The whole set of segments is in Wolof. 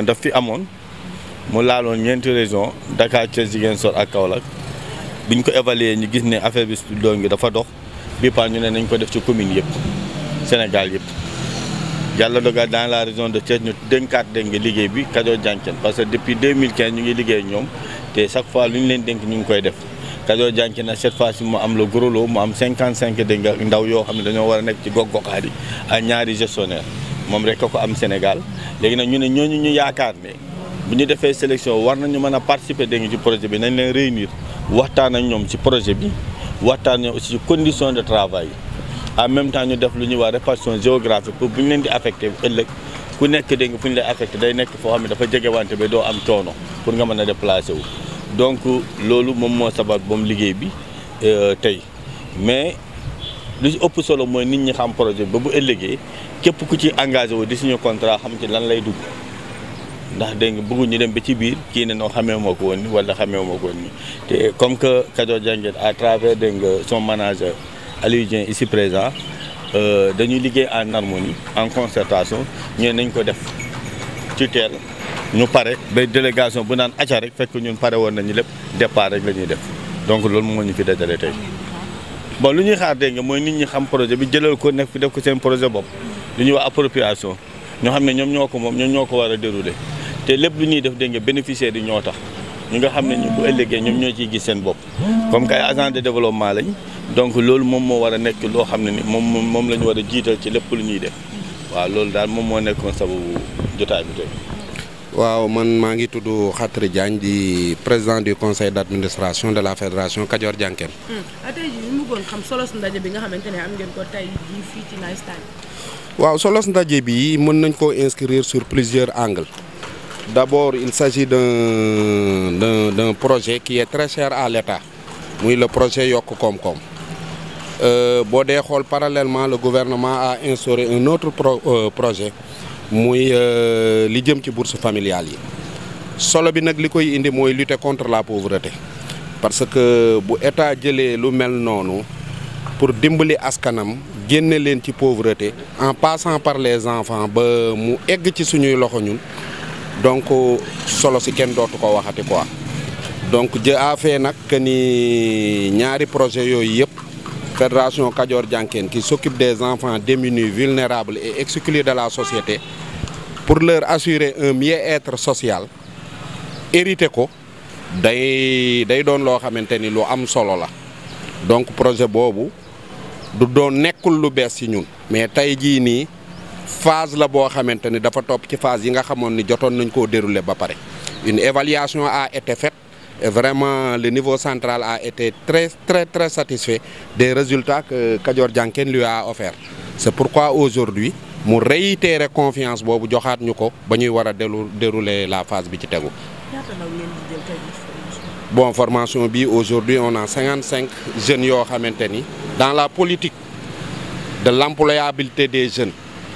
kon daf fi amoon mu laaloon ñeenti région Dakar Thiès Ziguinchor ak bi ñu ko évaluer ñu gis ne affaire bi doon ngi dafa dox bi par ñu ne nañ ko def ci commune yëpp Sénégal yëpp yàlla dogal dans la région de Thiès ñu dénkaat dénk liggéey bi Kajoor Jànken parce que depuis 2015 ñu ngi liggéey ñoom te chaque fois lu ñu leen dénk ñu ngi koy def Kajoor Jànken na cette fois ci mu am le gros lot mu am 55 dénk ndaw yoo xam ne dañoo war a nekk ci gox goxaat yi ak ñaari gestionnaire moom rek ko am Sénégal léegi nag ñu ne ñooñu ñu yaakaar ne bu ñu defee sélection war nañu mën a participer dégg ci projet bi nañ leen réunir waxtaan ak ñoom ci projet bi waxtaan aussi ci condition de travail en même temps ñu def lu ñuy wax répartition géographique pour bu ñu leen di affecté ëllëg ku nekk dégg nga fu ñu lay affecté day nekk foo xam ne dafa jege wante be doo am coono pour nga mën a déplacé wu donc loolu moom moo sabab moom liggéey bi euh, tey lu ci ëpp solo mooy nit ñi xam projet ba bu ëllëgee képp ku ci engagé wu di suñu contrat xam ci lan lay dugg ndax dégg nga bëgguñu dem ba ci biir kii ne noo xamee moo ko woon ni wala xamee moo ko ni te comme que Kajoor Dieng à travers dégg nga son manager Aliou Dieng ici présent euh, dañuy liggéey en harmonie en concertation ñeen nañ ko def ci teel ñu pare ba délégation bu naan aca rek fekk ñun pare woon nañu lépp départ rek lañuy def donc loolu moo ñu fi dajale tey bon lu ñuy xaar dégg nga mooy nit ñi xam projet bi jëlal ko nekk fi def ko seen projet bopp lu ñuy wax appropriation ñoo xam ne ñoom ñoo ko moom ñoom ñoo ko war a dérouler te lépp lu ñuy def dégg nga bénéficiaires yi ñoo tax ñi nga xam ne ñu bu ëllëgee ñoom ñoo ciy gis seen bopp comme que ay agent de développement lañ donc loolu moom moo war a nekk loo xam ne ni moom moom la ñu war a jiital ci lépp lu ñuy def waaw loolu daal moom moo nekkoon sababu jotaay bi tey waaw man maa ngi tudd Khatri Diagne di président du conseil d' administration de la fédération Kajoor Jànkeem. Hmm. Ah, waaw solos ndaje bi mën nañ koo inscrire sur plusieurs angles d' abord il s' agit d' un projet qui est très cher à l' muy le projet yokk koom-koom euh, boo dee xool parallèlement le gouvernement a instauré un autre pro euh, projet. muy euh, li jëm ci bourse familiale yi solo bi nag li koy indi mooy lutter contre la pauvreté parce que bu état jëlee lu mel noonu pour dimbali askanam génne leen ci pauvreté en passant par les enfants ba mu egg ci suñuy loxo ñun donc solo si kenn dootu ko waxati quoi donc jë afee nag que ni ñaari projet yooyu yëpp Fédération Kadior Janken qui s'occupe des enfants démunis, vulnérables et exclus de la société pour leur assurer un mieux-être social hérité ko day day doon loo xamante ni lu am solo la donc projet boobu du doon nekkul lu bees ci ñun mais tey jii nii phase la boo xamante ni dafa topp ci phase yi nga xamoon ni jotoon nañ koo dérouler ba pare une évaluation a été faite Et vraiment, le niveau central a été très, très, très satisfait des résultats que Kadior Djanken lui a offerts. C'est pourquoi aujourd'hui, mu réitéré confiance boobu joxaat ñu ko ba ñuy war a dérouler la phase bi ci tegu. bon formation bi aujourd'hui on a cinquante cinq jeunes yoo xamante ni dans la politique de l'employabilité des jeunes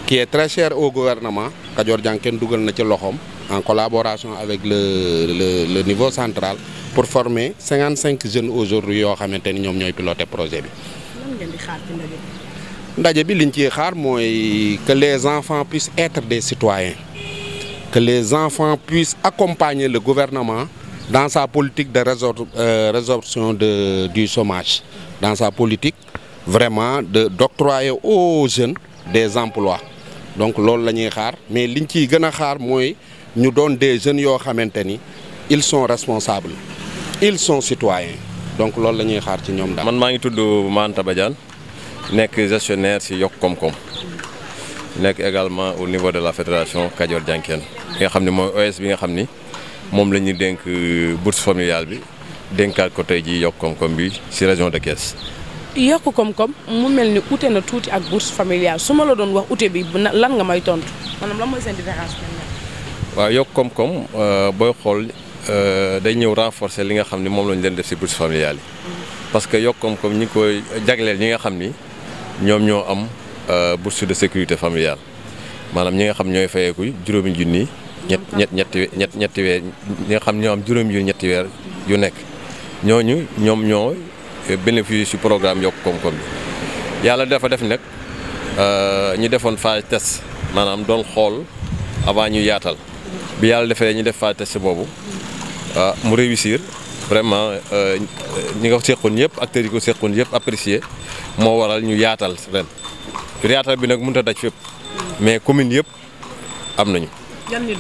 qui est très chère au gouvernement Kadior Dianken dugal na ci loxoom. en collaboration avec le le le niveau central pour former cinquante cinq jeunes aujourd'hui yoo xamante ni ñoom ñooy piloter projet bi. ndaje bi. liñ ciy xaar mooy que les enfants puissent être des citoyens que les enfants puissent accompagner le gouvernement dans sa politique de résor euh, de du chômage dans sa politique vraiment de d'octroyer aux jeunes des emplois donc loolu la ñuy xaar mais liñ ciy gën a xaar mooy. ñu doon des jeunes yoo xamante ni ils sont responsable ils son citoyens donc loolu la ñuy xaar ci ñoom daal. man maa ngi tudd Manta Badiane nekk gestionnaire si yokk koom-koom nekk également au niveau de la fédération Kajoor Jankeen nga xam ne mooy OS bi nga xam ni moom la ñuy dénk euh, bourse familiale bi dénkaat ko tey ji yokk koom-koom bi si région de Thiès. yokk koom-koom mu mel ni ute na tuuti ak bourse familiale su ma la doon wax uté bi lan nga may tontu waaw yokk koom-koom euh, booy xool euh, day ñëw renforcer li nga xam ni moom lañu leen def ci bourses familiales yi parce que yokk koom-koom ñi ngi koy jagleel ñi nga xam ni ñoom ñoo am euh, bourse de sécurité familiale maanaam ñi nga xam ñooy fayeeku juróomi junni ñett ñett ñetti ñetti weer nga xam ñoo am juróom junni ñetti weer yu nekk ñooñu ñoom ñoo bénéfice ci programme yokk koom-koom bi yàlla dafa def nag ñu defoon phase test maanaam doon xool avant ñu yaatal bi yàlla defee ñu def fa test boobu ah mu réussir vraiment euh, ñi nga seqoon yëpp acteurs yi ko seqoon yëpp apprécier moo waral ñu yaatal ren yaatal bi nag mënut a daj fépp mais commune yëpp am nañu. yan nit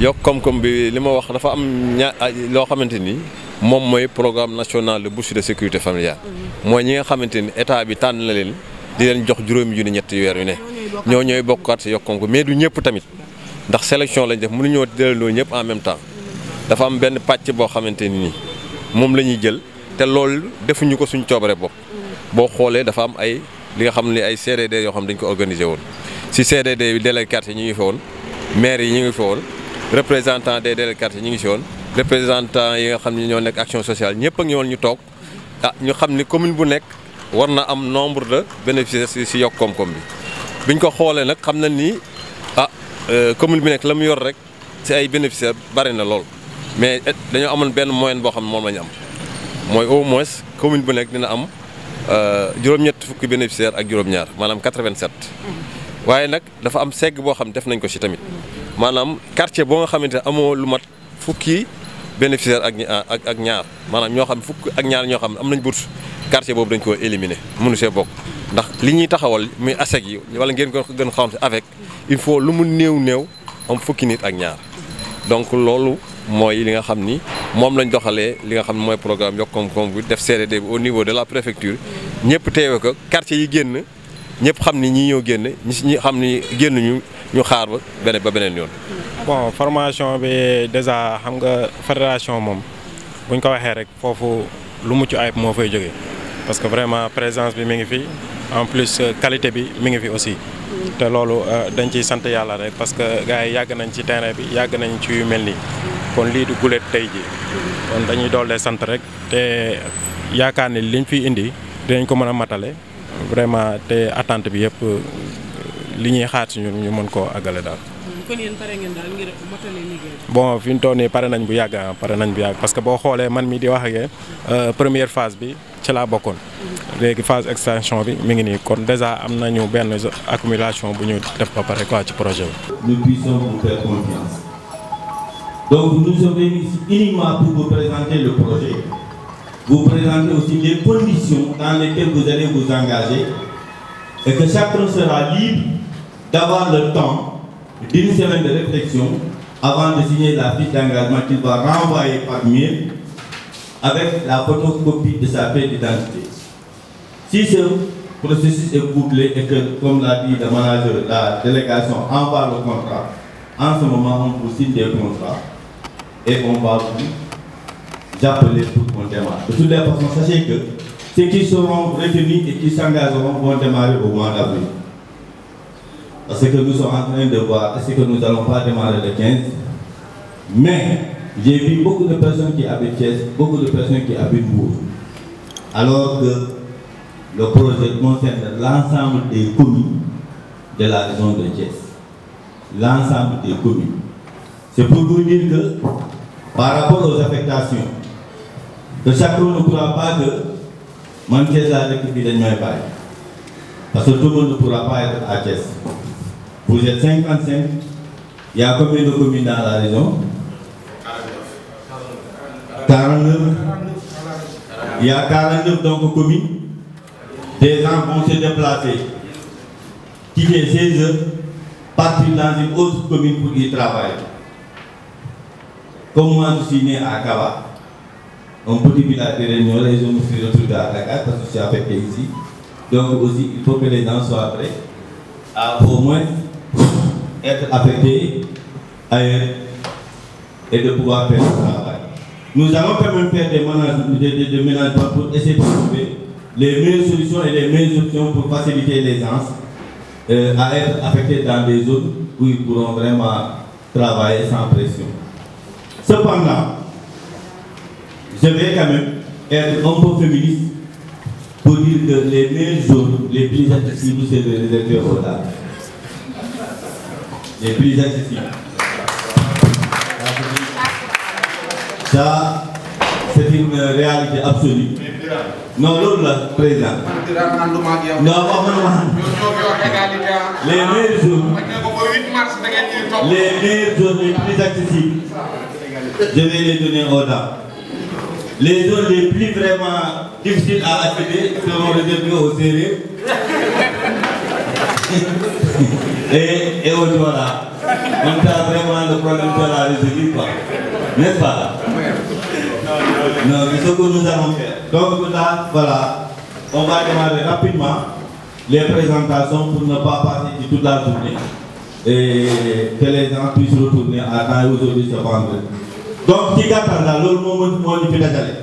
yokk koom-koom bi li ma wax dafa am ña loo xamante ni moom mooy programme national de bourse de sécurité familiale. Mhm. mooy ñi nga xamante ni état bi tànn la leen di leen jox juróomi junni ñetti weer yu ne. ñoo ñooy bokkaat si yokk ko mais du ñëpp tamit ndax sélection lañ def mënuñoo delloo ñëpp en même temps dafa am benn pàcc boo xamante ni nii moom la ñuy jël te loolu defuñu ko suñ coobare bopp boo xoolee dafa am ay li nga xam ni ay de yoo xam dañ ko organisé woon si CDD bi délégué quartier ñu ngi fi woon maire yi ñu ngi fi représentant des délégués quartier ñu ngi si woon représentant yi nga xam ni ñoo nekk action sociale ñëpp a ngi woon ñu toog ah ñu xam ni commune bu nekk war na am nombre de bénéficiaires si yokk koom-koom bi biñ ko xoolee nag xam nañ ni ah euh, commune bi nekk la mu yor rek ci ay bénéficiaires bari na lool mais dañoo amoon benn moyen boo xam ne moom la am mooy au moins commune bu nekk dina am euh, juróom-ñett fukki bénéficiaires ak juróom-ñaar maanaam 87. Mm-hmm. waaye nag dafa am segg boo xam def nañ ko ci tamit mm-hmm. maanaam quartier boo nga xamante ne amoo lu mat fukki bénéficiaire ak ak ak ñaar maanaam ñoo xam fukk ak ñaar ñoo xam ne am nañ bourse quartier boobu dañ ko éliminer mënu see bokk. ndax li ñuy taxawal muy ASEC yi wala ngeen ko gën xam si avec il faut lu mu néew néew am fukki nit ak ñaar donc loolu mooy li nga xam ni moom lañ doxalee li nga xam ne mooy programme yokk koom-koom bi def CDD bi au niveau de la préfecture ñëpp teewe ko quartier yi génn ñëpp xam ni ñi ñëw génn ñi ñi xam ni génn ñu ñu xaar ba beneen ba beneen yoon. bon formation bi déjà xam nga fédération moom buñ ko waxee rek foofu lu mucc ayib moo fay jógee. parce que vraiment présence bi mu ngi fi en plus euh, qualité bi mi ngi fi aussi. te loolu euh, dañ ciy sant yàlla rek parce que gars yi yàgg nañ ci terrain bi yàgg nañ ci yu mel nii. kon lii du guléet tey ji kon dañuy doole sant rek te yaakaar ni liñ fi indi dinañ ko mën a matale. vraiment te attente bi yëpp li ñuy xaar si ñu mën koo àggale daal. bon fi ñu toll nii pare nañ bu yàgg ah, pare nañ bu yàgg parce que boo xoolee man mi di wax euh, première phase bi. ci laa bokkoon. léegi phase extension bi mi ngi nii kon déjà am nañu benn accumulation bu ñu def ba pare quoi ci projet bi. nous puissions vous faire confiance. donc nous sommes ici uniquement présenter le projet. vous présenter aussi les conditions dans lesquelles vous allez vous engager et que chacun sera libre d'avoir temps d'une semaine de réflexion avant de signer la fiche d'engagement qu'il va par mail avec la photocopie de sa pièce d'identité. Si ce processus est bouclé que, comme l'a dit le manager, la délégation envoie le contrat, en ce moment, on poursuit des contrats et on va vous appeler pour qu'on démarre. toutes les personnes, sachez que ceux qui seront retenus et qui s'engageront vont démarrer au mois d'avril. Parce que nous sommes en train de voir, est-ce que nous n'allons pas démarrer le 15 Mais j'ai vu beaucoup de personnes qui habitent Thiès, beaucoup de personnes qui habitent Mbour. Alors que le projet concerne l'ensemble des communes de la région de Thiès. L'ensemble des communes. C'est pour vous dire que par rapport aux affectations, que chacun ne croit pas que man Thiès laa dëkk fii dañ may bàyyi. Parce tout le monde ne pourra pas être à Thiès. Vous êtes 55, de communes dans la région? 49 il y a 49 donc communes des gens vont se déplacer quitter chez eux partir dans une autre commune pour y travailler comme moi je suis né à Kawa un petit village de Réunion et je me suis retrouvé à Dakar parce que je suis affecté ici donc aussi il faut que les gens soient prêts à au moins être affectés ailleurs et de pouvoir faire le travail Nous allons quand même faire des ménages, des, des, des ménages pour essayer de trouver les meilleures solutions et les meilleures options pour faciliter les gens euh, à être affectés dans des zones où ils pourront vraiment travailler sans pression. Cependant, je vais quand même être un peu féministe pour dire que les meilleurs zones les plus accessibles, c'est de réserver aux dames. Les ça c' est une euh, réalité absolue. non loolu la président. non wax nga ma. les meilleurs jours. les meilleurs jours les plus accessibles. je vais les donner aux dames. les zones les plus vraiment difficiles à accéder seront réservées aux Sérères et et aux Jola. on a vraiment le problème de la résidus quoi n'est-ce pas. Non, mais ce que nous allons faire. Donc là, voilà, on va démarrer rapidement les présentations pour ne pas passer toute la journée et que les gens puissent retourner à temps et aujourd'hui c'est vendredi. donc ci gàttal daal loolu moo mën moo ñu fi dajale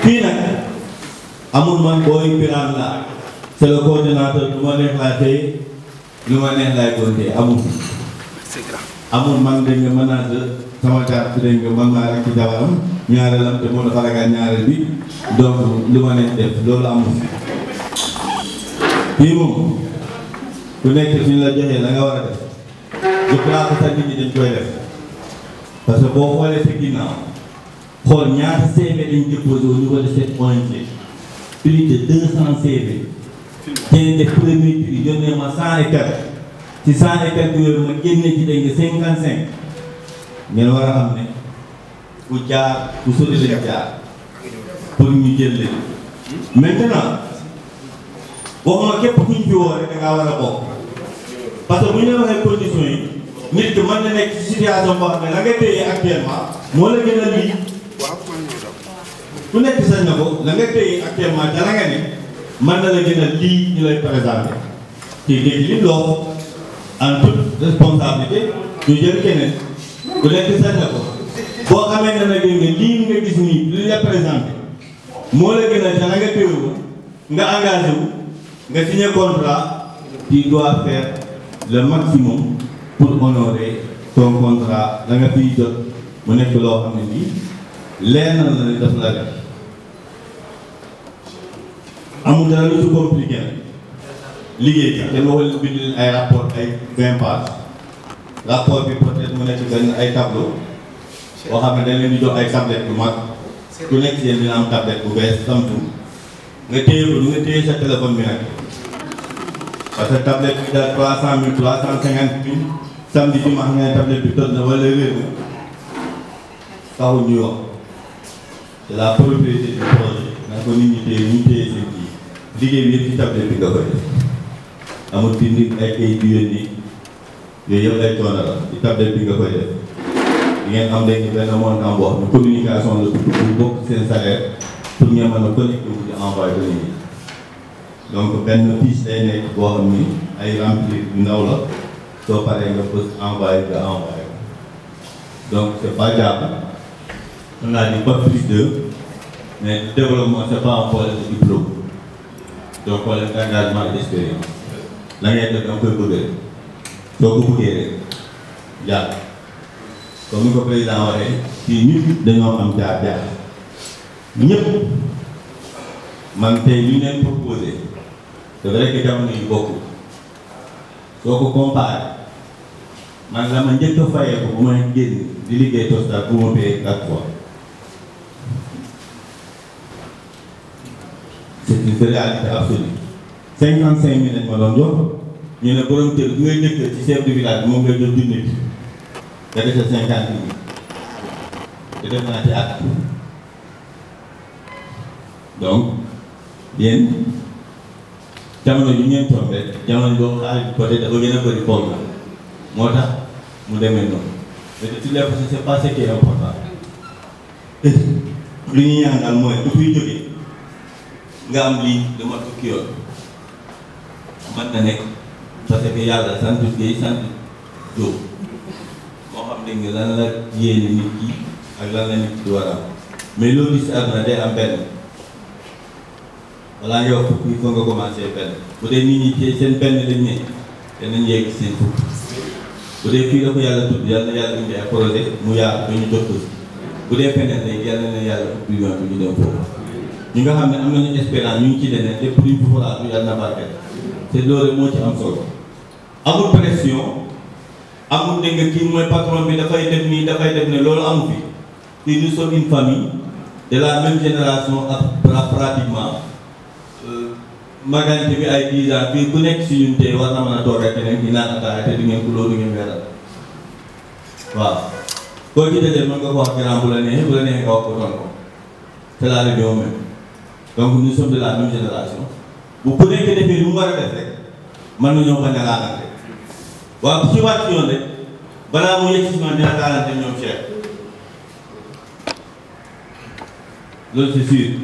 fii nag amul man booy Birane la c'est le coordinateur lu ma neex laay xëy lu ma neex laay gontee amul amul man dañ nga manager sama càpp fi dégg nga man maa rek ci jabaram ñaareelam te moo dafa ragal ñaareel bi donc lu ma neex def loolu amul fii ku nekk fi la joxee la nga war a def jëpp naa ko sax nit ñi dañ koy def parce que boo xoolee sa ginnaaw xool ñaata CV dañ déposé au niveau de ma 100 et quelques ci 100 et quelques yooyu ma génne ci dégg nga 55 ngeen war a xam ne ku jaar ku sori leen jaar pour ñu jël leen ku ñu fi woo rek da ngaa war a bokk parce que bu ñu la waxee conditions yi nit ki na nekk ci situation boo moo la gën a lii ku nekk na ko la nga téye actuellement dara nga ne mën na la gën a lii ñu lay présenté te dégg li loo en toute bu lekk seet na ko boo xamee ne nag lii nga gis nii li la présenté moo la gën a la nga téewu nga engagé wu contrat tu dois faire le maximum pour honorer ton contrat la nga jot mu nekk loo xam ne nii leer la ne daf la def amul dara lu ci compliqué liggéey bi te waxal bindil ay rapport ay vingt pages rapport bi peut-être mu nekk ay tableau boo xam ne dañ leen di ay tablette bu mag ku nekk yéen dina am tablette bu bees nga téye ko nga téye sa téléphone bi nag parce que tablette bi daal trois cent mille trois cent cinquante mille samedi bi ma xam ne tablette bi na wala wér na taxul ñuy wax c'est la propriété du na ko nit ñi téye ñu téye seen kii liggéey bi yëpp ci tablette bi nga koy def amul bind ay kayit yu yónni yooyu yëpp ay la ci bi nga koy def di am léegi benn montant boo xam ne communication la tudd pour bokk seen salaire pour ngeen mën a connecté wu di envoyé ko nit ñi donc benn fiche day boo xam ni ay remplir yu ndaw soo paree nga bës envoyé nga envoyé donc c' est pas jàpp on a dit pas plus de mais développement c' est pas un problème de diplôme donc problème d' engagement et la ngay def da koy bëgg doo ko buggee rek jàll comme ni ko président waxee fii nit dañoo am jaar jaar ñëpp man tey li ñu leen proposé c'est vrai que jamono yu bokk soo ko comparé man la ma njëkk a fayee ko bu ma génn di liggéey Tostar bu ma payé quatre fois c'est une ma doon jox ñu ne borom kër bi ngay dëkk ci chef de village bi moom ngay jël junni bi nga dese cinquante mille te def naa ci at donc yéen jamono ju ngeen tombé jamono boobu xaalis côté dafa gën a bëri pool la moo tax mu demee noonu mais de toutes les façons c'est pas ce qui est important li ñu ñaan daal mooy du fiy jógee nga am lii dama tukki yoon mën na nekk parce que yàlla sant Guèye sant Diop moo xam dégg nga lan la yéene nit ki ak lan la nit ki di war a am mais loo gis àdduna day am benn balaa nga wax fukk il faut nga commencé benn bu dee nit ñi seen benn lañ ne danañ yegg seen fukk bu dee fii la ko yàlla tudd yàlla na yàlla indi ay projet mu yaatu ba ñu jot ko bu dee feneen rek yàlla na yàlla fukk bi ñu dem foofu ñi nga xam n am nañu espérance ñu ngi ci leneen lépp luñ ko faral yàlla na barkeel. te loolu moo ci am solo amul pression amul dégg nga kii mooy patron bi dafay def nii dafay def ne loolu amu fi te nous sommes une famille de la même génération ak pratiquement euh, magante bi ay 10 ans fii ku nekk si ñun tey war na mën a toog rek ne ñu naan koo ci dajale mën bu la nee bu la nee nga wax ko noonu ko c'est la réunion donc nous sommes de la même génération. bu ku nekk defee lu mu war a def rek mën nañoo bañ a laalante waaw bu ci wàcc yoon rek balaa mu yegg ci man dina laalante ñoom Cheikh loolu c'est sûr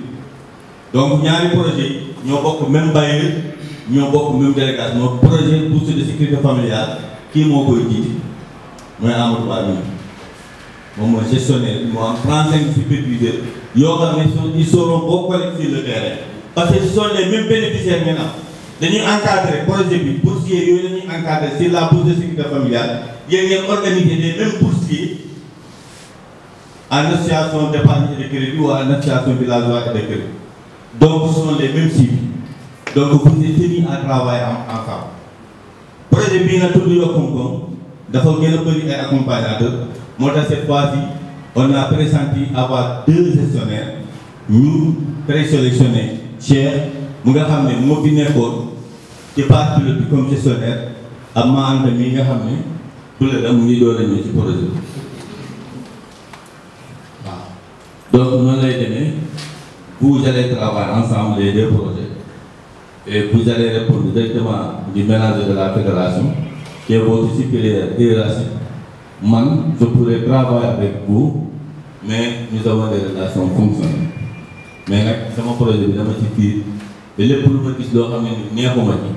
donc ñaari projet ñoo bokk même bailleur ñoo bokk même délégation moo projet bourse de sécurité familiale kii moo koy jiite mooy Amadou Ba mi moom mooy gestionnaire bi moo am 35 superviseurs yoo xam ne ils seront boo collecté le parce que ce sont les mêmes bénéficiaires maintenant dañuy encadrer projet bi boursiers yooyu la ñuy encadrer sur la bourse de sécurité ngeen organiser de crédit ou en association de crédit donc ce sont les mêmes cibles donc vous êtes tenus à travailler ensemble projet bii nga tudd yokkum dafa gën a bëri ay accompagnateurs moo tax cette fois-ci on a pressenti avoir deux gestionnaires ñu présélectionnés Cheikh mu nga xam ne moo fi nekkoon ci partie pilote bi comme gestionnaire ak maa anta nga xam ne pilote la mu ngi doon ñëw ci projet bi waaw donc noonu lay demee vous allez travailler ensemble les deux projets et vous allez répondre directement du mélange de la fédération qui est votre supérieur hiérarchique man je pourrais travailler avec vous mais nous avons des relations mais nag sama projet bi dama ci fiir ba lépp lu ma gis loo xam ne neexuma ci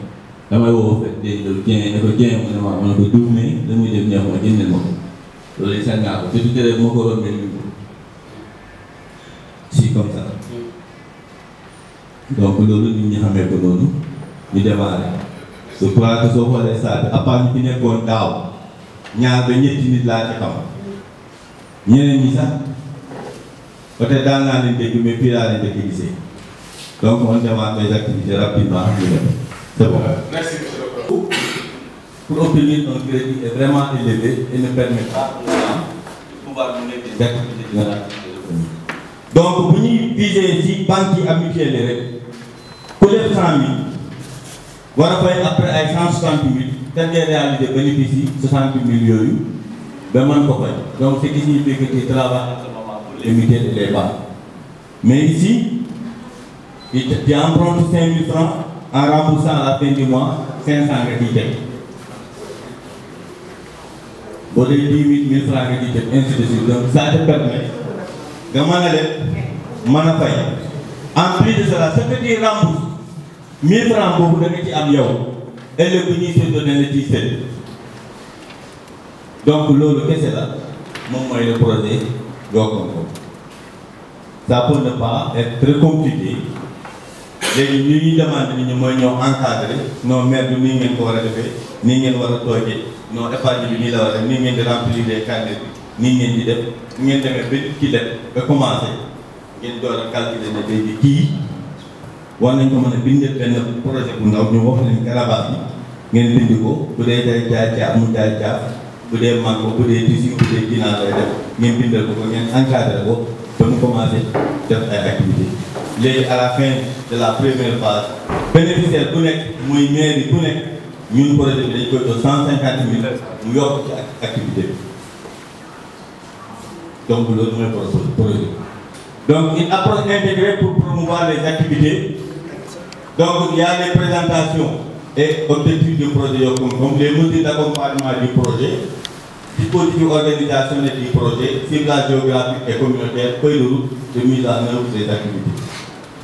damay woo fekk dégg nga Dieng ne ko Dieng mu ne ma ma ne ko Diouf mais li muy def neexuma jëndee ma ko loolu it seen naa ko te du tere moo ko war a mel ni si comme ça. Hmm. donc loolu nit ñi xamee ko noonu ñu démarré je crois que soo xoolee saa bi à part ñu fi nekkoon daaw ñaar ba ñetti nit laa ci xam hmm. ñeneen ñi sax. peut-être daan naa leen dégg mais fii laa leen dégg gisee donc on demande les activités rapidement ñu def c'est bon. merci monsieur le président. pour obtenir un crédit est vraiment élevé et ne permet pas de pouvoir mener des activités de la donc bu ñuy viser ci banque yi ak mutuelle rek ku def cent mille war a fay après ay cent soixante mille te ngay réaliser bénéfice yi soixante mille yooyu ba mën ko fay donc ce qui signifie que tu travailles éviter les débats. Mais ici, il t'emprunte 5 000 francs en remboursant à la fin du mois 500 crédits. boo dee 18 000 francs nga jiite ainsi donc ça te nga mën a leb mën a fay en plus de cela ce que tu rembourses 1000 francs boobu da ci am yow ëllëg bu ñuy séddoo ne la ciy donc loolu kese la moom mooy le projet. donc ça pour ne pas être compliqué léegi li ñuy demande nit ñi mooy ñëw encadré non maire bi nii ngeen ko war a defee nii ngeen war a toogee non épargne bi nii la war a def nii ngeen di remplir les carnets bi nii ngeen di def ngeen demee ba ki def ba commencé ngeen door a calculer ne day di kii war nañ ko mën a bindal benn projet bu ndaw ñu wax leen garabas bi ngeen bind ko bu dee jaay jaar jaar mu jaay jaar bu dee mango bu dee tissu bu dee ginnaar lay def ngeen bindal ko ko ngeen encadré ko ba mu commencé def ay activités léegi à la fin de la première phase bénéficiaire bu nekk muy mairie bu nekk ñun projet bi dañ koy jox cent cinquante mille mu yokk ci activité bi donc loolu mooy projet bi donc une approche intégrée pour promouvoir les activités donc il y a les présentations et objectifs du projet comme les mesures d'accompagnement du projet Dispositif organisationnel du projet, ciblage géographique et communautaire, feuille de route de mise en œuvre des activités.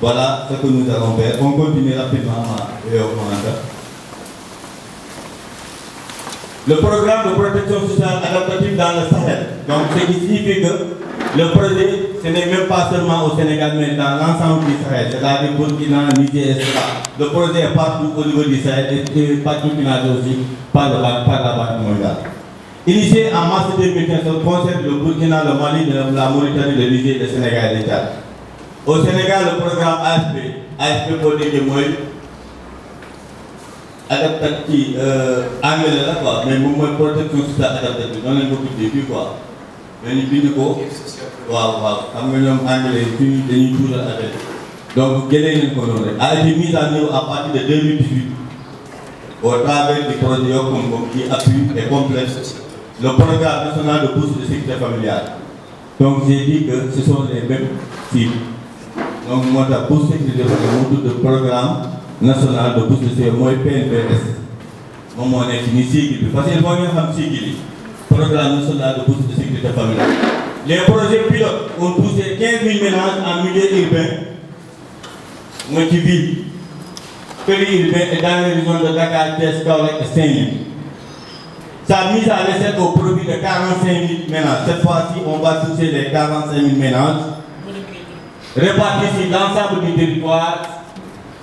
Voilà ce que nous allons faire. On continue rapidement et on entend. Le programme de protection sociale adaptative dans le Sahel. Donc, ce qui signifie que le projet, ce n'est même pas seulement au Sénégal, mais dans l'ensemble du Sahel, c'est-à-dire Burkina, Niger, etc. Le projet est partout au niveau du Sahel et particulièrement aussi par la, par la Banque mondiale. Initié en mars 2015, concept le Burkina, le Mali, la Mauritanie, le Niger, le Sénégal et le Tchad. Au Sénégal, le programme AFP, AFP pour les Gémoïdes, adaptatif, euh, anglais là quoi, mais moom mooy protection sociale adaptative noonu la ñu ko tuddee fii quoi. mais ñu bind ko. waaw waaw xam nga ñoom anglais fii dañuy tuural affaire donc génnee nañu a été mise en œuvre à partir de 2018 au travers du le programme national de bourse de sécurité familiale. Donc j'ai dit que ce sont les mêmes cibles. Donc moo tax bourse sécurité familiale moo tudd programme national de bourse de sécurité mooy PNBS moom moo nekk ni sigle bi parce que moo nga xam sigle yi programme national de bourse de sécurité familiale. les projets pilotes ont poussé 15 000 ménages en milieu urbain mooy ci ville périurbain et dans les régions de Dakar, Thiès, Kaolack et Saint-Louis. Sa mise à l'essai au de 45 000 ménages. Cette on va toucher les 45 000 ménages répartis sur l'ensemble du territoire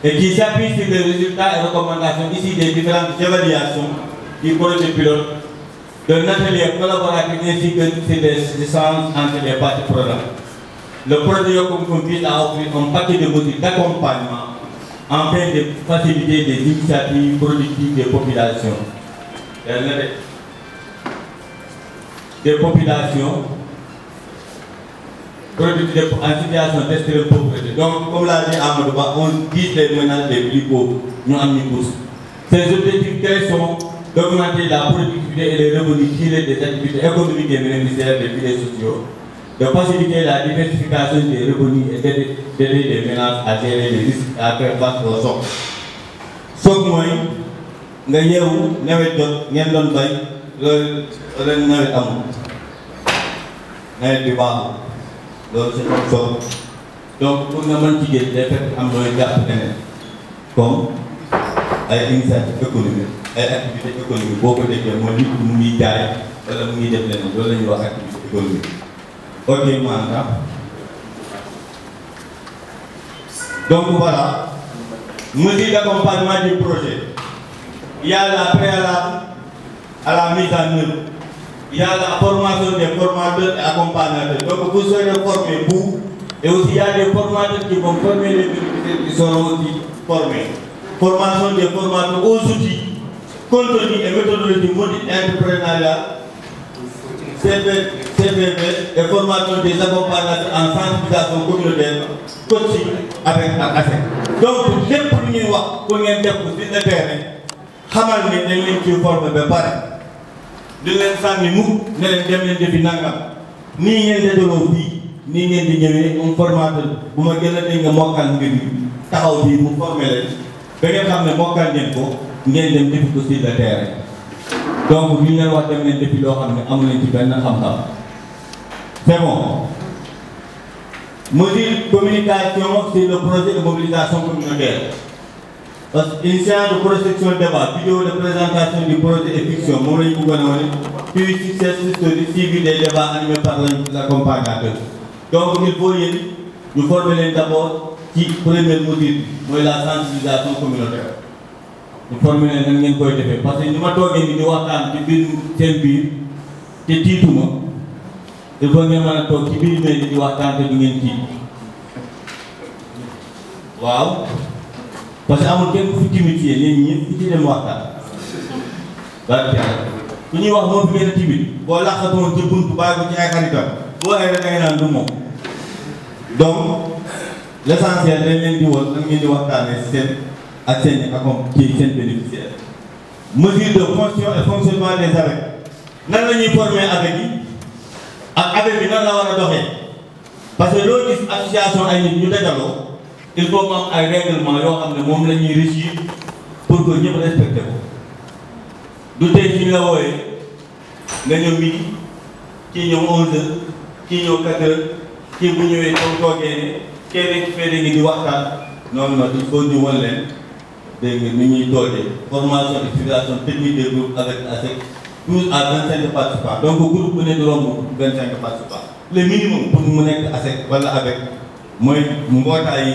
et qui s'appuie sur les résultats et recommandations ici des différentes évaluations du projet pilote d'un atelier collaboratif ainsi que sur les échanges entre les parties prenantes. Le projet Yokum vise d'accompagnement en de faciliter des initiatives productives des populations. des populations productives en situation d'extrême pauvreté. Donc, comme l'a dit Amadou on dit les menaces les plus pauvres, nous en tous. Ces objectifs, quels sont D'augmenter la productivité et les revenus tirés des activités économiques des bénéficiaires des filets sociaux, de faciliter la diversification des revenus et d'aider les ménages à gérer les risques et à faire face aux chocs. Choc mooy nga yeewu nawet jot ngeen doon loolu loolu nawet amul nawet bi baaxul loolu c'est une chose donc pour nga mën ci géej day fekk am looy jàpp ay initiative économique ay activités économiques boo ko déggee mooy nit mu ngi jaay wala mu ngi def loolu la ñuy wax activité économique ok maanaam donc voilà mesure d'accompagnement du projet y a la préalable à la mise en œuvre. Il y a la formation des formateurs et accompagnateurs. Donc vous serez formés, vous, et aussi il y a des formateurs qui vont former les bénéficiaires qui seront aussi formés. Formation des formateurs aux outils, contenus et méthodologies modiques entrepreneuriat, CV, CVV et formation des accompagnateurs en sensibilisation communautaire, coaching avec ak ASEC. donc lépp lu ñuy wax pour ngeen def ko sur le terrain xamal ne dañ leen ciy former ba pare. di leen sànni mu ne dem leen defi nangam nii ngeen dajaloo fii nii ngeen di ñëwee un bu ma gën a dégg nga mokkal ngeen ne mokkal ngeen ko ngeen dem defi ko sur le terrain donc li ñu wax dem leen defi loo xam ne amu leen ci benn xam-xam c'est bon communication sur le projet de mobilisation communautaire parce que une de projection débat vidéo de présentation du projet et fiction moom la ñu bëggoon a wane puis succès historique suivi des débats animés par l'accompagnateur donc il faut yéen ñu former leen d'abord ci première mesure mooy la sensibilisation communautaire ñu former leen nan ngeen koy defee parce que ni ma toogee ni di waxtaan ci biir seen biir te tiituma il ngeen mën a toog ci biir mbéy mi di waxtaan te du ngeen tiit parce que amul kenn ku fi timide yéen yéen ñëpp ku ci dem waxtaan. barke yàlla ku ñuy wax moom fi ngeen a timide boo laqatoon ca bunt bàyyi ko ci ay xaritam boo ay rek ay naan du moom donc l' essentiel dañ leen di woon da ngeen di waxtaanee seen ak seen i comme ci seen bénéficiaire. mesure de fonction et fonctionnement des AVEC nan la ñuy AVEC yi ak AVEC bi nan la war a doxee parce que loo association ay nit ñu dajaloo. il faut mu ay règlement moom la ñuy régir pour que ñëpp respecté ko du tey ci ñu la nga ñëw midi kii ñëw 11h kii ñëw 4h bu ñëwee ñoom toogee ne kenn di waxtaan noonu la il faut ñu wan dégg nga ni ñuy toogee formation utilisation technique des groupes avec ASEC 12 à 25 participants donc groupe bu ne du romb 25 participants le minimum pour mu nekk ASEC wala avec mooy mbootaay yi.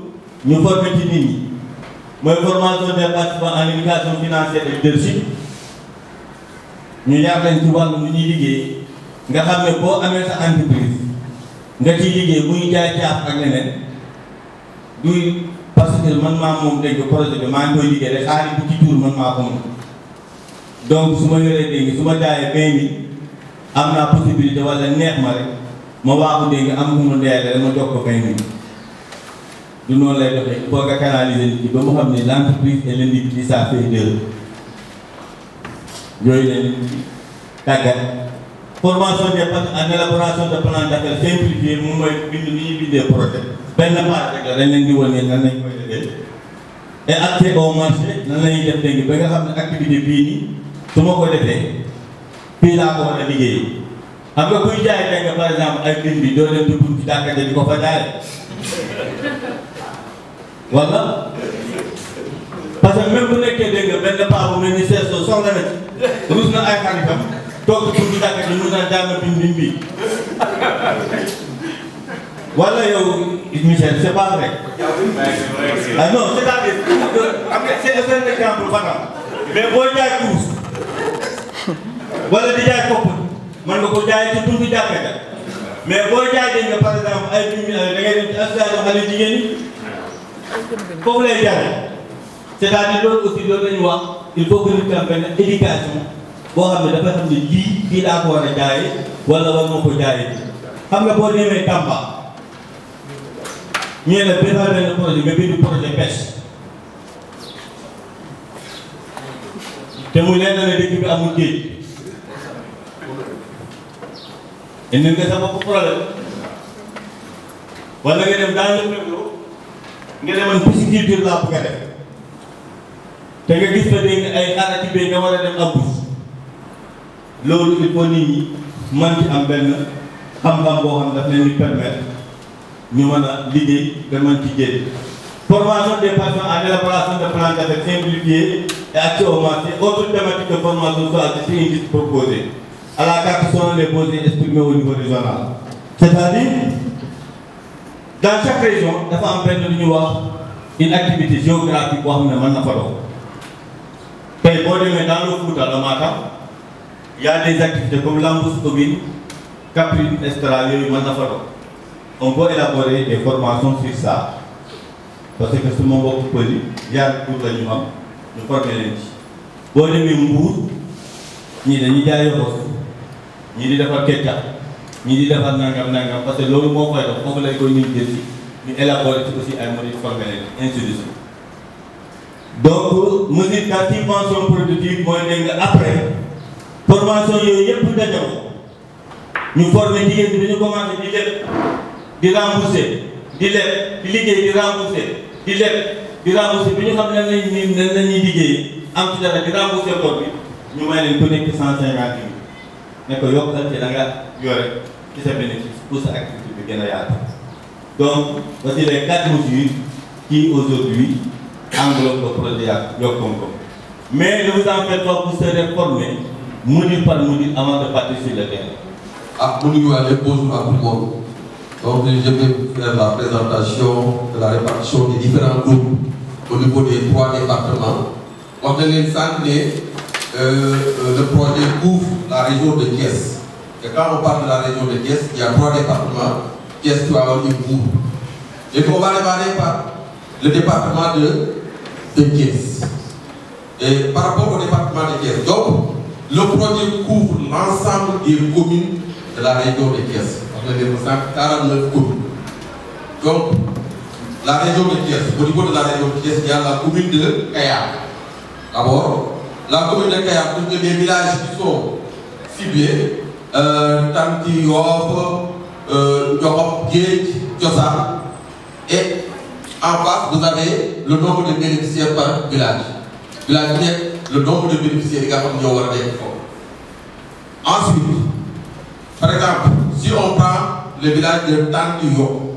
ñu formé ci nit ñi mooy formation des participants en ñu yar leen ci wàllu lu ñuy liggéey nga xam ne boo amee sa entreprise nga ciy liggéey muy jaay caaf ak leneen du parce que man maa moom dégg projet bi maa liggéey rek xaalis bu ci tuur man maa moom donc su ma yoree dégg su ma jaayee vingt am naa possibilité wala neex ma rek ma waaxu dégg am lu mu deelee ma jox ko vingt mille du noonu lay doxee boo nga canaliser nit ñi ba mu xam ne l' entreprise et l'individu ça fait deux yooyu leen tàggat formation des en élaboration de plan d'affaires simplifié moom mooy bind ni ñuy bindee projet benn part rek la dañ leen di wan ne nan lañ koy defee et accès au marché nan la ñuy def léegi ba nga xam ne activité bii nii su ma ko defee fii laa ko war a liggéey xam nga kuy jaay tey nga par exemple ay bin bi doo leen dugg ci tàkkate di ko fa jaay wala parce que même bu nekkee dégg nga benn paa bu mel ni seesoo na ruus na ay xaritam toog ci bu jàkka ni mun naa jànga bin bin bi yow Michel c'est pas vrai ah non c'est-à-dire am nga c'est un exemple banam jaay kuus wala di jaay kopp mën nga ko jaay ci tundu jàkka ja mais boo jaay dégg nga par exemple ay bin bi euh, da ngay dem ci association xale jigéen ñi foofu lay jàng c'est-à-dire loolu aussi loolu la ñu wax il faut que ñu am benn éducation boo xam ne dafa xam ne lii ko war a jaayee wala war nga ko jaayee boo demee Tamba ñu ne la defal benn projet nga bind te mu leen na ne dëkk bi amul géej indi nga sa wala nga dem dans le nga ne man pisciculture laa bëgg a te nga gis nga dégg ay arrêté bi nga war a dem am loolu il faut man ci am benn xam-xam boo xam daf leen di permettre ñu mën a liggéey te mën ci jël formation de plans d'affaires simplifiés et de formation soit c'est une liste proposée à la carte sont les posées exprimées au niveau régional c'est-à-dire dans chaque région dafa am benn lu wax une activité géographique boo xam ne mën na fa dox tey boo demee dans le Fouta la Matam y a des activités comme Lambous Obine Kaffrine et yooyu mën na fa on peut élaborer des formations sur ça parce que su ma mbokku pël yi jaar la ñu am ñu former leen ci boo demee Mbour ñii dañuy jaay ñii di defar keccax ñi di defar nangam nangam parce que loolu moo koy dox foofu lañ koy ñuy jël si ñu élaborer ci aussi ay modèles formels ainsi de suite donc mesure d'activation productive mooy ne nga après formation yooyu yëpp dañoo ñu former jigéen bi dañu commencé di leb di rembourser di leb di liggéey di rembourser di leb di rembourser bi ñu xam ne lañ liggéey am ci dara di rembourser bor bi ñu may leen ku nekk cent cinquante mille ne ko yokkal ci ci sa bénéfice pour sa activité bi a yaatu donc voici les quatre mesures qui aujourd'hui englobent le projet Yokk Kom Kom mais ne vous en faites pas vous serez formés module par module avant de partir sur le terrain. ah mu ngi wax les pauses à tout le monde donc je vais faire la présentation de la répartition des différents groupes au niveau des trois départements wax na leen sànq ne le projet couvre la région de Thiès. que quand la région de Thiès, il y a trois départements, Thiès, Tuaon et Bourg. Et on de, de Et par rapport au département de Thiès, donc, le projet couvre l'ensemble des communes de la région de Thiès. On a 49 communes. Donc, la région de Thiès, au niveau de la région de Thiès, il la commune de Kayar. D'abord, la commune de Kayar, tous les villages qui sont ciblés, Euh, Tanki Yoff Ndiokhob euh, Géej Cosaan et en face vous avez de bénéficiaires par village village nekk le nombre de bénéficiaires yi nga xam ñoo war par exemple si on prend le village de Tanki Yoff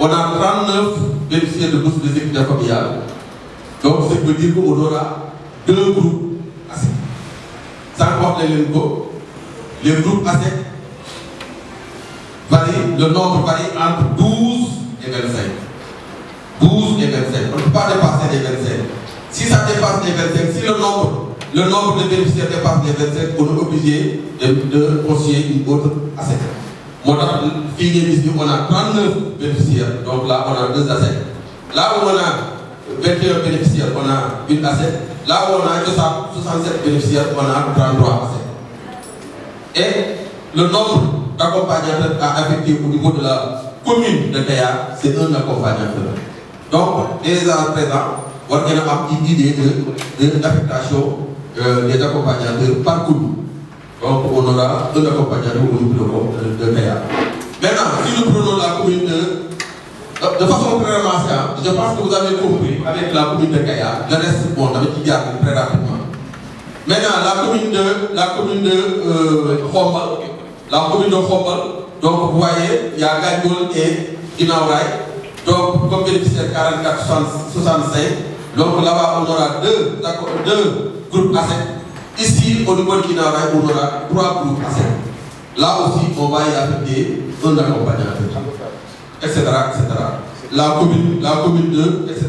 on a 39 bénéficiaires de bourse de sécurité familiale donc ce qui veut dire qu'on aura deux groupes assignés sànq wax nañ leen ko. Les groupes ASEC varient, le nombre varie entre 12 et 25. 12 et 25. On ne peut pas dépasser les 25. Si ça si le nombre, le nombre de bénéficiaires dépasse les 25, on est obligé de, de conseiller une autre ASEC. moo tax fii ngeen gis ni on a 39 bénéficiaires donc là on a deux ASEC là où on a 21 bénéficiaires on a une ASEC là où on a 67 bénéficiaires on a 33 ASEC Le nombre d'accompagnateurs à affecter au niveau de la commune de Kayar, c'est un accompagnateur. Donc, dès à présent, on a une idée de, de l'affectation euh, des accompagnateurs par commune. Donc, on aura un accompagnateur au niveau de, de, de Kayar. Maintenant, si nous prenons la commune de euh, de façon très ramassée, je pense que vous avez compris avec la commune de Kaya, le reste, bon, avec qui très rapidement. Maintenant, la commune de, la commune de euh, Roma, la commune de Khombole donc vous voyez il y a Gandiol et Guinaw Rail donc comme bénéficiaire 44 65 donc là-bas on aura deux d'accord deux groupes ASEC ici au niveau de Guinaw Rail on aura trois groupes ASEC là aussi on va y appliquer etc etc la commune la commune 2 etc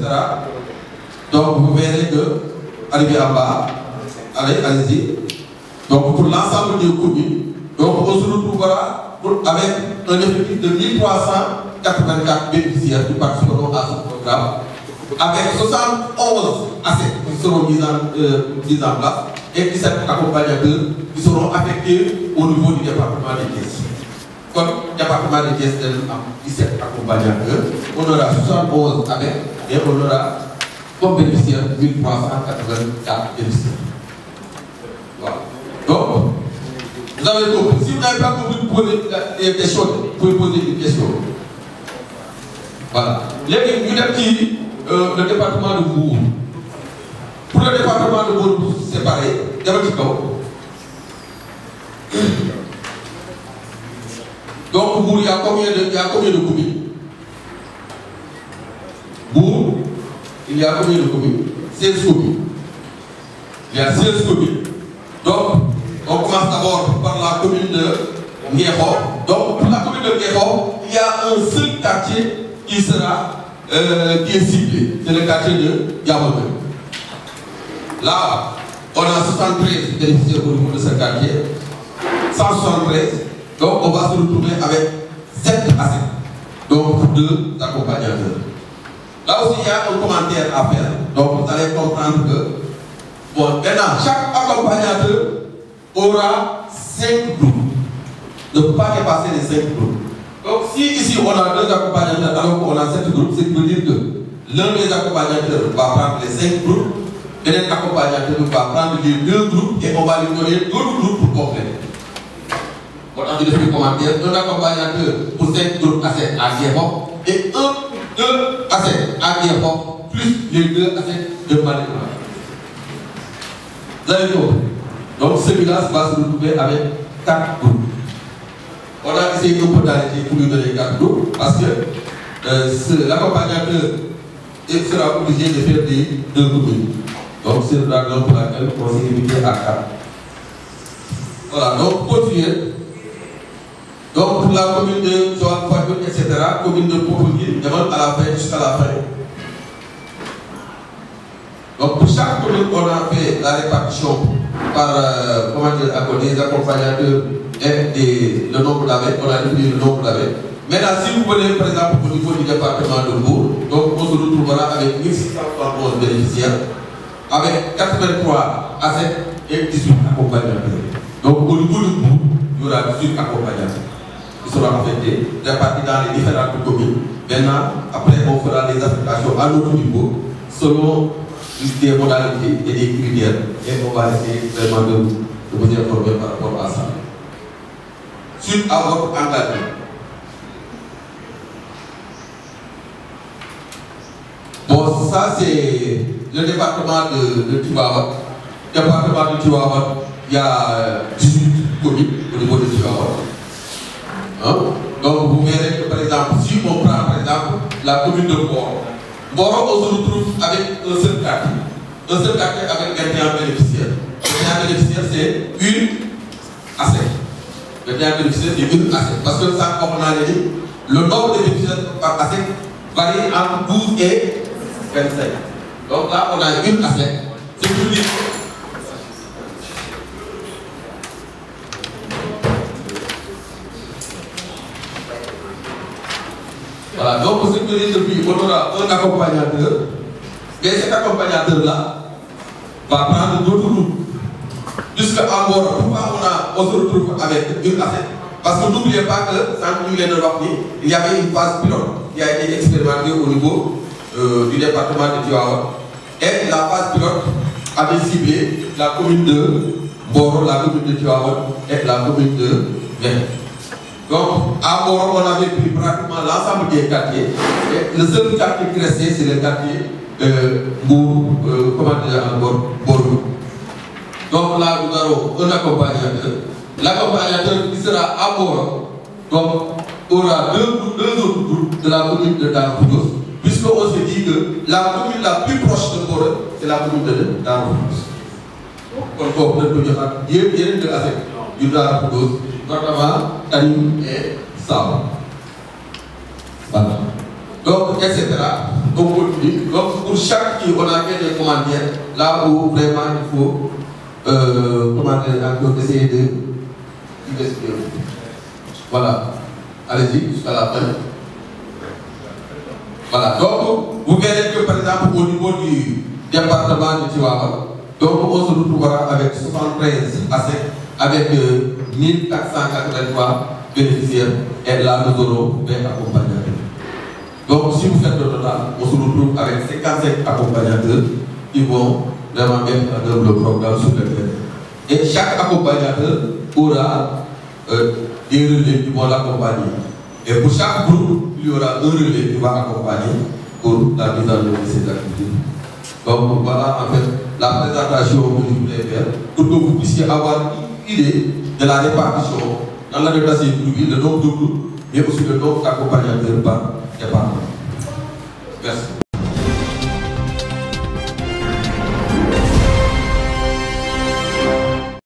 donc vous verrez que arrivé en bas allez donc pour l'ensemble des communes Donc, on se retrouvera avec un effectif de 1384 bénéficiaires qui participeront à ce programme, avec 71 assets qui seront mis en, euh, mis en place et 17 accompagnateurs qui seront affectés au niveau du département des Thiès. Comme le département des Thiès a 17 accompagnateurs, on aura 71 avec et on aura comme bénéficiaire 1384 bénéficiaires. Voilà. Donc, Vous avez compris. Si vous n'avez pas compris, vous posez des questions. Vous pouvez poser des questions. Voilà. léegi ñu def ci euh, le département de Mbour a combien de y a combien de communes Mbour il y a combien de communes seize communes il y a seize communes On commence d'abord par la commune de Ngého. Donc, la commune de Ngého, il un seul quartier qui sera euh, qui est ciblé. C'est quartier de Yabonne. Là, on a 73 bénéficiaires au niveau de ce quartier. 173. Donc, on va se retrouver avec 7 à Donc, deux accompagnateurs. Là aussi, il y a un commentaire à Donc, vous allez comprendre que, bon, maintenant, chaque accompagnateur aura cinq groupes. Ne peut pas dépasser les cinq groupes. Donc si ici on a deux accompagnateurs alors qu'on a sept groupes, c'est veut dire que l'un des accompagnateurs va prendre les cinq groupes, l'autre accompagnateur va prendre les deux groupes et on va lui donner d'autres groupes pour compléter. On a dit le commentaire, un accompagnateur pour cinq groupes à sept à Guéhop et un, deux à sept à Guéhop, plus les deux à sept de Malécola. Vous avez compris Donc ce village va se retrouver avec quatre groupes. On a essayé un peu d'arrêter pour lui donner quatre groupes parce que euh, l'accompagnateur sera obligé de faire des deux groupes. Donc c'est la raison pour laquelle on s'est limité à quatre. Voilà, donc continuer. Donc pour la commune de Joan Fayoum, etc., commune de Pouponville, demande à la fin jusqu'à la fin. Donc pour chaque commune, on a fait la répartition par euh, comment dire, à des accompagnateurs et des, on a défini le nombre d'avets. Maintenant, si vous venez par exemple au niveau du département de Bourg, donc on se retrouvera avec 1671 bénéficiaires, avec 83 assets et 18 accompagnateurs. Donc au niveau de Bourg, il y aura 18 accompagnateurs qui seront affectés, répartis dans les différentes communes. Maintenant, après, on fera les affectations à notre niveau selon des modalités et des critères et on va essayer vraiment de, de vous dire problème par rapport à ça. Suite à votre engagement, bon, ça c'est le département de, de Tuvawa. Département de Tuvawa, il y a 18 euh, communes au niveau de Tuvawa. Hein? Donc vous verrez que par exemple, si on prend par exemple la commune de Boro, Boro on se retrouve avec un seul quartier. un seul acteur avec gagnant bénéficiaire. Gagnant bénéficiaire, c'est une AC. Gagnant bénéficiaire, c'est une AC. Parce que ça, comme on a dit, de bénéficiaires par AC varie entre 12 et 25. Donc là, on a une AC. C'est plus difficile. Voilà, donc ce que je dis depuis, on aura un accompagnateur. Et cet accompagnateur-là, va prendre d'autres routes jusqu'en Mboro pourquoi on a on se retrouve avec une affaire parce que n'oubliez pas que sànq ñu leen a il y avait une phase pilote qui a été expérimentée au niveau euh, du département de Tivaouane et la phase pilote avait ciblé la commune de Mboro la commune de Tivaouane et la commune de Vélingara donc à Mboro on avait pris pratiquement l'ensemble des quartiers et le seul quartier qui restait c'est le quartier bu comment dire encore bordeaux. donc là nous avons un accompagnateur l'accompagnateur qui sera à bord donc aura deux deux autres groupes de la commune de Darou Khoudoss puisque on se dit que la commune la plus proche de Mboro c'est la commune de Darou Khoudoss. kon kooku dañ ko joxaat yéen yéen de ASEC yu Darou Khoudoss notamment Karim et Saba voilà donc et cetera. Donc pour chaque qui on a fait des commandières, là où vraiment il faut euh, commander, essayer de Voilà. Allez-y jusqu'à la fin. Voilà. Donc, vous verrez que par exemple au niveau du département de Chihuahua, donc on se retrouvera avec 73 assets, avec euh, 1483 bénéficiaires. Et là, nous aurons 20 accompagnants. Donc, si vous faites le total, on se retrouve avec 55 accompagnateurs qui vont vraiment mettre en œuvre le programme sur le terrain. Et chaque accompagnateur aura euh, des relais qui vont l'accompagner. Et pour chaque groupe, il y aura un relais qui va accompagner pour la mise en œuvre de ces activités. Donc voilà en fait la présentation que je voulais faire pour que vous puissiez avoir une idée de la répartition dans la dotation privée, le nombre de groupes mais aussi de d'autres accompagnateurs par département. Merci.